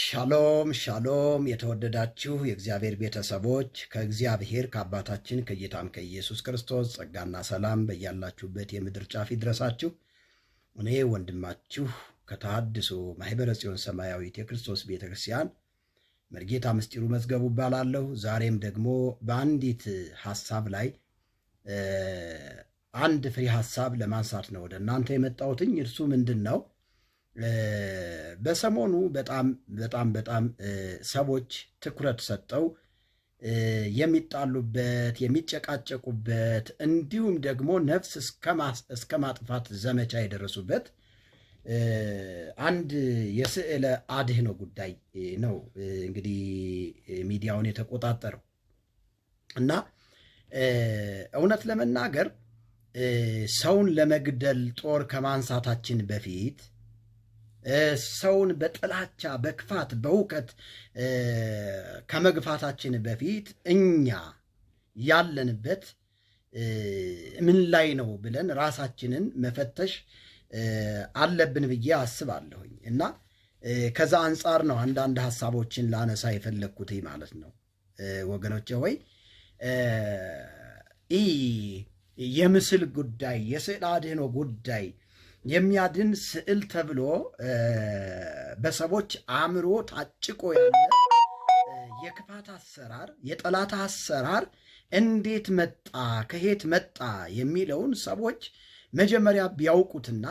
ሻሎም ሻሎም፣ የተወደዳችሁ የእግዚአብሔር ቤተሰቦች ከእግዚአብሔር ከአባታችን ከጌታም ከኢየሱስ ክርስቶስ ጸጋና ሰላም በያላችሁበት የምድር ጫፍ ይድረሳችሁ። እኔ ወንድማችሁ ከተሐድሶ ማኅበረ ጽዮን ሰማያዊት የክርስቶስ ቤተ ክርስቲያን መርጌታ ምስጢሩ መዝገቡ እባላለሁ። ዛሬም ደግሞ በአንዲት ሐሳብ ላይ አንድ ፍሬ ሐሳብ ለማንሳት ነው ወደ እናንተ የመጣሁትኝ። እርሱ ምንድን ነው? በሰሞኑ በጣም በጣም በጣም ሰዎች ትኩረት ሰጠው የሚጣሉበት የሚጨቃጨቁበት እንዲሁም ደግሞ ነፍስ እስከ ማጥፋት ዘመቻ የደረሱበት አንድ የስዕለ አድህኖ ጉዳይ ነው። እንግዲህ ሚዲያውን የተቆጣጠረው እና እውነት ለመናገር ሰውን ለመግደል ጦር ከማንሳታችን በፊት ሰውን በጥላቻ በክፋት በውቀት ከመግፋታችን በፊት እኛ ያለንበት ምን ላይ ነው ብለን ራሳችንን መፈተሽ አለብን ብዬ አስባለሁኝ እና ከዛ አንጻር ነው አንዳንድ ሀሳቦችን ላነሳ የፈለግኩት ማለት ነው። ወገኖቼ ወይ ይህ የምስል ጉዳይ የስዕል አድህኖ ጉዳይ የሚያድን ስዕል ተብሎ በሰዎች አእምሮ ታጭቆ ያለ የክፋት አሰራር፣ የጠላት አሰራር እንዴት መጣ ከየት መጣ የሚለውን ሰዎች መጀመሪያ ቢያውቁትና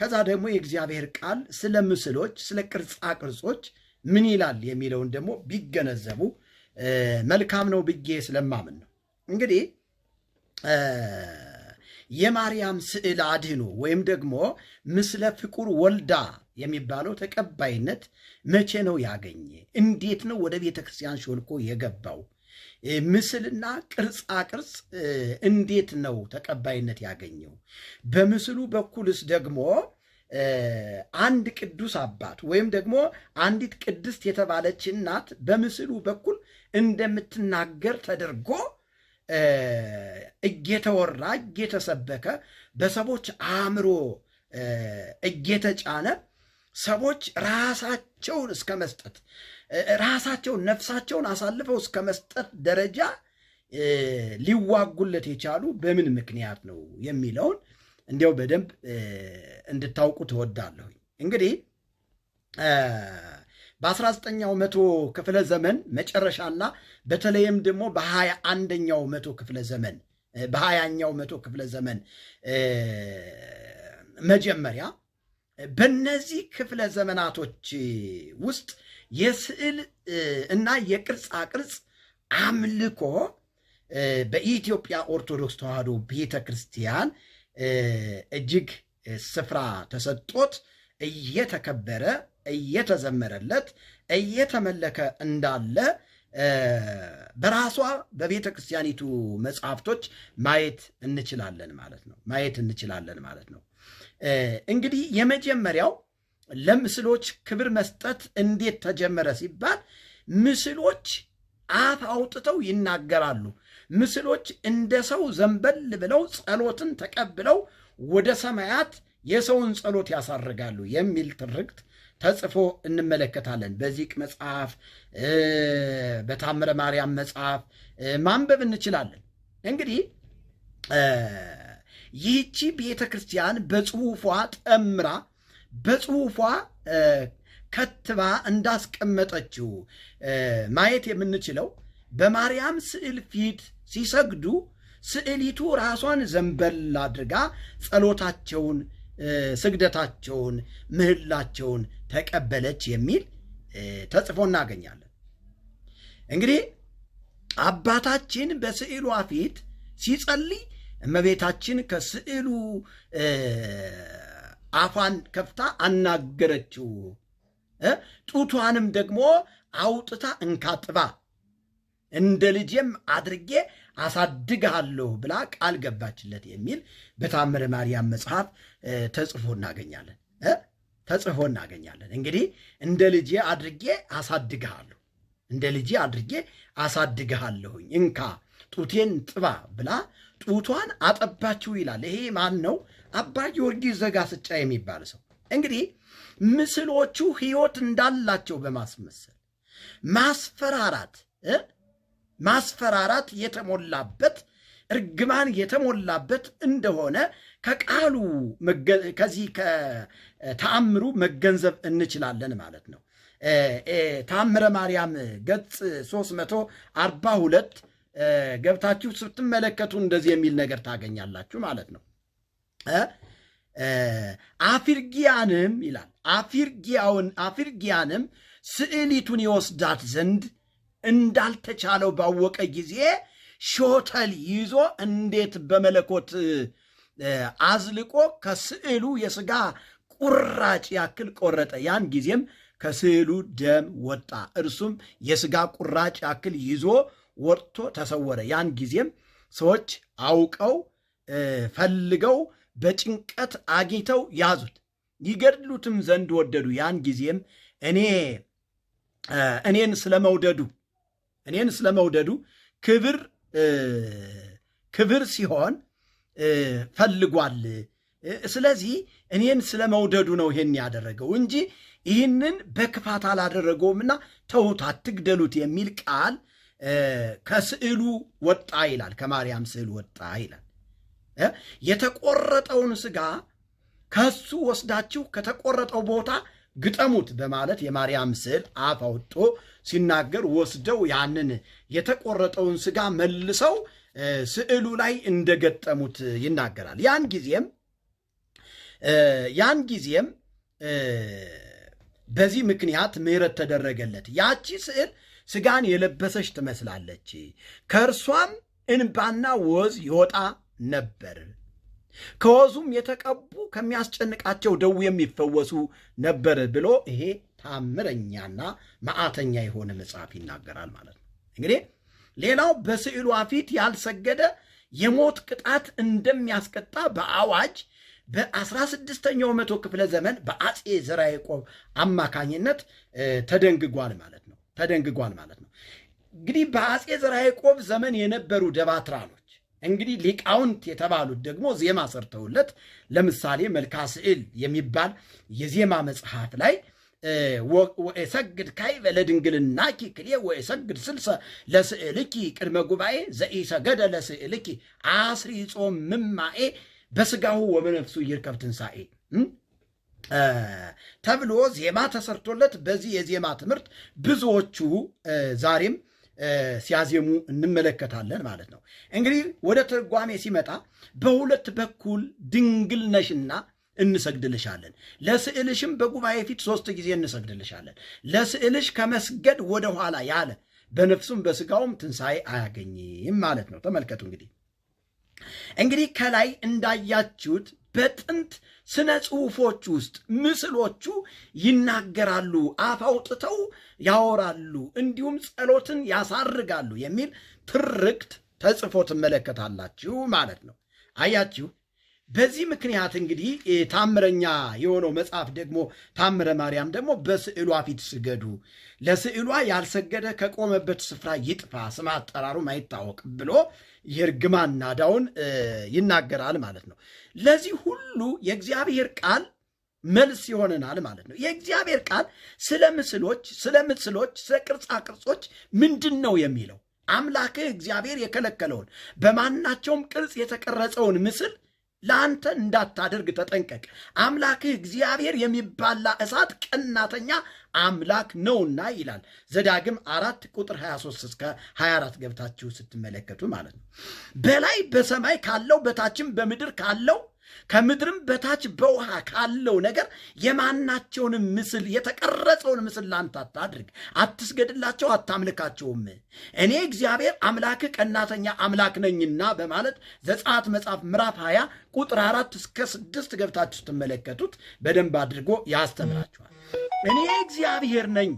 ከዛ ደግሞ የእግዚአብሔር ቃል ስለ ምስሎች፣ ስለ ቅርጻ ቅርጾች ምን ይላል የሚለውን ደግሞ ቢገነዘቡ መልካም ነው ብዬ ስለማምን ነው እንግዲህ የማርያም ስዕል አድህኖ ወይም ደግሞ ምስለ ፍቁር ወልዳ የሚባለው ተቀባይነት መቼ ነው ያገኘ? እንዴት ነው ወደ ቤተ ክርስቲያን ሾልኮ የገባው? ምስልና ቅርጻ ቅርጽ እንዴት ነው ተቀባይነት ያገኘው? በምስሉ በኩልስ ደግሞ አንድ ቅዱስ አባት ወይም ደግሞ አንዲት ቅድስት የተባለች እናት በምስሉ በኩል እንደምትናገር ተደርጎ እየተወራ እየተሰበከ በሰዎች አእምሮ እየተጫነ ሰዎች ራሳቸውን እስከ መስጠት ራሳቸውን ነፍሳቸውን አሳልፈው እስከ መስጠት ደረጃ ሊዋጉለት የቻሉ በምን ምክንያት ነው የሚለውን እንዲያው በደንብ እንድታውቁ ትወዳለሁኝ። እንግዲህ በ19ኛው መቶ ክፍለ ዘመን መጨረሻና በተለይም ደግሞ በ21ኛው መቶ ክፍለ ዘመን በሀያኛው መቶ ክፍለ ዘመን መጀመሪያ በነዚህ ክፍለ ዘመናቶች ውስጥ የስዕል እና የቅርጻ ቅርጽ አምልኮ በኢትዮጵያ ኦርቶዶክስ ተዋሕዶ ቤተ ክርስቲያን እጅግ ስፍራ ተሰጥቶት እየተከበረ እየተዘመረለት እየተመለከ እንዳለ በራሷ በቤተ ክርስቲያኒቱ መጽሐፍቶች ማየት እንችላለን ማለት ነው። ማየት እንችላለን ማለት ነው። እንግዲህ የመጀመሪያው ለምስሎች ክብር መስጠት እንዴት ተጀመረ ሲባል ምስሎች አፍ አውጥተው ይናገራሉ። ምስሎች እንደ ሰው ዘንበል ብለው ጸሎትን ተቀብለው ወደ ሰማያት የሰውን ጸሎት ያሳርጋሉ የሚል ትርክት ተጽፎ እንመለከታለን። በዚቅ መጽሐፍ፣ በታምረ ማርያም መጽሐፍ ማንበብ እንችላለን። እንግዲህ ይህቺ ቤተ ክርስቲያን በጽሑፏ ጠምራ በጽሑፏ ከትባ እንዳስቀመጠችው ማየት የምንችለው በማርያም ስዕል ፊት ሲሰግዱ ስዕሊቱ ራሷን ዘንበል አድርጋ ጸሎታቸውን ስግደታቸውን፣ ምህላቸውን ተቀበለች የሚል ተጽፎ እናገኛለን። እንግዲህ አባታችን በስዕሏ ፊት ሲጸልይ እመቤታችን ከስዕሉ አፏን ከፍታ አናገረችው። ጡቷንም ደግሞ አውጥታ እንካጥባ እንደ ልጄም አድርጌ አሳድግሃለሁ ብላ ቃል ገባችለት የሚል በታምረ ማርያም መጽሐፍ ተጽፎ እናገኛለን ተጽፎ እናገኛለን። እንግዲህ እንደ ልጄ አድርጌ አሳድግሃለሁ፣ እንደ ልጄ አድርጌ አሳድግሃለሁኝ፣ እንካ ጡቴን ጥባ ብላ ጡቷን አጠባችው ይላል። ይሄ ማን ነው? አባ ጊዮርጊስ ዘጋስጫ የሚባል ሰው። እንግዲህ ምስሎቹ ሕይወት እንዳላቸው በማስመሰል ማስፈራራት ማስፈራራት የተሞላበት እርግማን የተሞላበት እንደሆነ ከቃሉ ከዚህ ከተአምሩ መገንዘብ እንችላለን ማለት ነው። ተአምረ ማርያም ገጽ 342 ገብታችሁ ስትመለከቱ እንደዚህ የሚል ነገር ታገኛላችሁ ማለት ነው። አፊርጊያንም ይላል አፊርጊያውን አፊርጊያንም ስዕሊቱን ይወስዳት ዘንድ እንዳልተቻለው ባወቀ ጊዜ ሾተል ይዞ እንዴት በመለኮት አዝልቆ ከስዕሉ የስጋ ቁራጭ ያክል ቆረጠ። ያን ጊዜም ከስዕሉ ደም ወጣ። እርሱም የስጋ ቁራጭ ያክል ይዞ ወጥቶ ተሰወረ። ያን ጊዜም ሰዎች አውቀው ፈልገው በጭንቀት አግኝተው ያዙት፣ ይገድሉትም ዘንድ ወደዱ። ያን ጊዜም እኔ እኔን ስለመውደዱ እኔን ስለመውደዱ ክብር ክብር ሲሆን ፈልጓል። ስለዚህ እኔን ስለመውደዱ ነው ይሄን ያደረገው እንጂ ይህንን በክፋት አላደረገውምና ተውት፣ አትግደሉት የሚል ቃል ከስዕሉ ወጣ ይላል። ከማርያም ስዕል ወጣ ይላል። የተቆረጠውን ስጋ ከሱ ወስዳችሁ ከተቆረጠው ቦታ ግጠሙት በማለት የማርያም ስዕል አፍ አውጦ ሲናገር ወስደው ያንን የተቆረጠውን ስጋ መልሰው ስዕሉ ላይ እንደገጠሙት ይናገራል። ያን ጊዜም ያን ጊዜም በዚህ ምክንያት ምሕረት ተደረገለት። ያቺ ስዕል ስጋን የለበሰች ትመስላለች፣ ከእርሷም እንባና ወዝ ይወጣ ነበር ከወዙም የተቀቡ ከሚያስጨንቃቸው ደዌ የሚፈወሱ ነበር ብሎ ይሄ ታምረኛና መዓተኛ የሆነ መጽሐፍ ይናገራል ማለት ነው። እንግዲህ ሌላው በስዕሏ ፊት ያልሰገደ የሞት ቅጣት እንደሚያስቀጣ በአዋጅ በአስራ ስድስተኛው መቶ ክፍለ ዘመን በአጼ ዘርዓ ያዕቆብ አማካኝነት ተደንግጓል ማለት ነው ተደንግጓል ማለት ነው። እንግዲህ በአጼ ዘርዓ ያዕቆብ ዘመን የነበሩ ደባትራ ነው እንግዲህ ሊቃውንት የተባሉት ደግሞ ዜማ ሰርተውለት ለምሳሌ መልካ ስዕል የሚባል የዜማ መጽሐፍ ላይ ወእሰግድ ካዕበ ለድንግልናኪ ክልኤ ወእሰግድ ስልሰ ለስዕልኪ ቅድመ ጉባኤ ዘኢሰገደ ለስዕልኪ ጾም ምማኤ በስጋሁ ወበነፍሱ ይርከብ ትንሣኤ ተብሎ ዜማ ተሰርቶለት በዚህ የዜማ ትምህርት ብዙዎቹ ዛሬም ሲያዜሙ እንመለከታለን ማለት ነው። እንግዲህ ወደ ትርጓሜ ሲመጣ በሁለት በኩል ድንግል ነሽና እንሰግድልሻለን፣ ለስዕልሽም በጉባኤ ፊት ሶስት ጊዜ እንሰግድልሻለን። ለስዕልሽ ከመስገድ ወደ ኋላ ያለ በነፍሱም በስጋውም ትንሣኤ አያገኝም ማለት ነው። ተመልከቱ እንግዲህ እንግዲህ ከላይ እንዳያችሁት በጥንት ስነ ጽሑፎች ውስጥ ምስሎቹ ይናገራሉ፣ አፍ አውጥተው ያወራሉ፣ እንዲሁም ጸሎትን ያሳርጋሉ የሚል ትርክት ተጽፎ ትመለከታላችሁ ማለት ነው። አያችሁ በዚህ ምክንያት እንግዲህ ታምረኛ የሆነው መጽሐፍ ደግሞ ታምረ ማርያም ደግሞ በስዕሏ ፊት ስገዱ፣ ለስዕሏ ያልሰገደ ከቆመበት ስፍራ ይጥፋ፣ ስም አጠራሩም አይታወቅ ብሎ የእርግማን ናዳውን ይናገራል ማለት ነው። ለዚህ ሁሉ የእግዚአብሔር ቃል መልስ ይሆነናል ማለት ነው። የእግዚአብሔር ቃል ስለ ምስሎች ስለ ምስሎች ስለ ቅርጻ ቅርጾች ምንድን ነው የሚለው አምላክህ እግዚአብሔር የከለከለውን በማናቸውም ቅርጽ የተቀረጸውን ምስል ለአንተ እንዳታደርግ ተጠንቀቅ። አምላክህ እግዚአብሔር የሚባላ እሳት ቀናተኛ አምላክ ነውና ይላል። ዘዳግም አራት ቁጥር 23 እስከ 24 ገብታችሁ ስትመለከቱ ማለት ነው። በላይ በሰማይ ካለው በታችም በምድር ካለው ከምድርም በታች በውሃ ካለው ነገር የማናቸውንም ምስል የተቀረጸውን ምስል ላንተ አታድርግ፣ አትስገድላቸው፣ አታምልካቸውም እኔ እግዚአብሔር አምላክህ ቀናተኛ አምላክ ነኝና በማለት ዘጸአት መጽሐፍ ምዕራፍ 20 ቁጥር አራት እስከ ስድስት ገብታችሁ ስትመለከቱት በደንብ አድርጎ ያስተምራችኋል። እኔ እግዚአብሔር ነኝ፣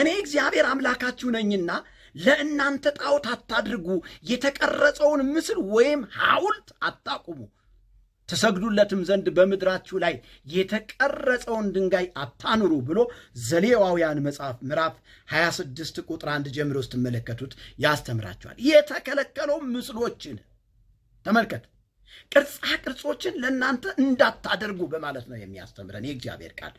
እኔ እግዚአብሔር አምላካችሁ ነኝና ለእናንተ ጣዖት አታድርጉ፣ የተቀረጸውን ምስል ወይም ሐውልት አታቁሙ፣ ትሰግዱለትም ዘንድ በምድራችሁ ላይ የተቀረጸውን ድንጋይ አታኑሩ ብሎ ዘሌዋውያን መጽሐፍ ምዕራፍ 26 ቁጥር አንድ ጀምሮ ስትመለከቱት ያስተምራቸዋል። የተከለከለው ምስሎችን ተመልከት ቅርጻ ቅርጾችን ለእናንተ እንዳታደርጉ በማለት ነው የሚያስተምረን የእግዚአብሔር ቃል።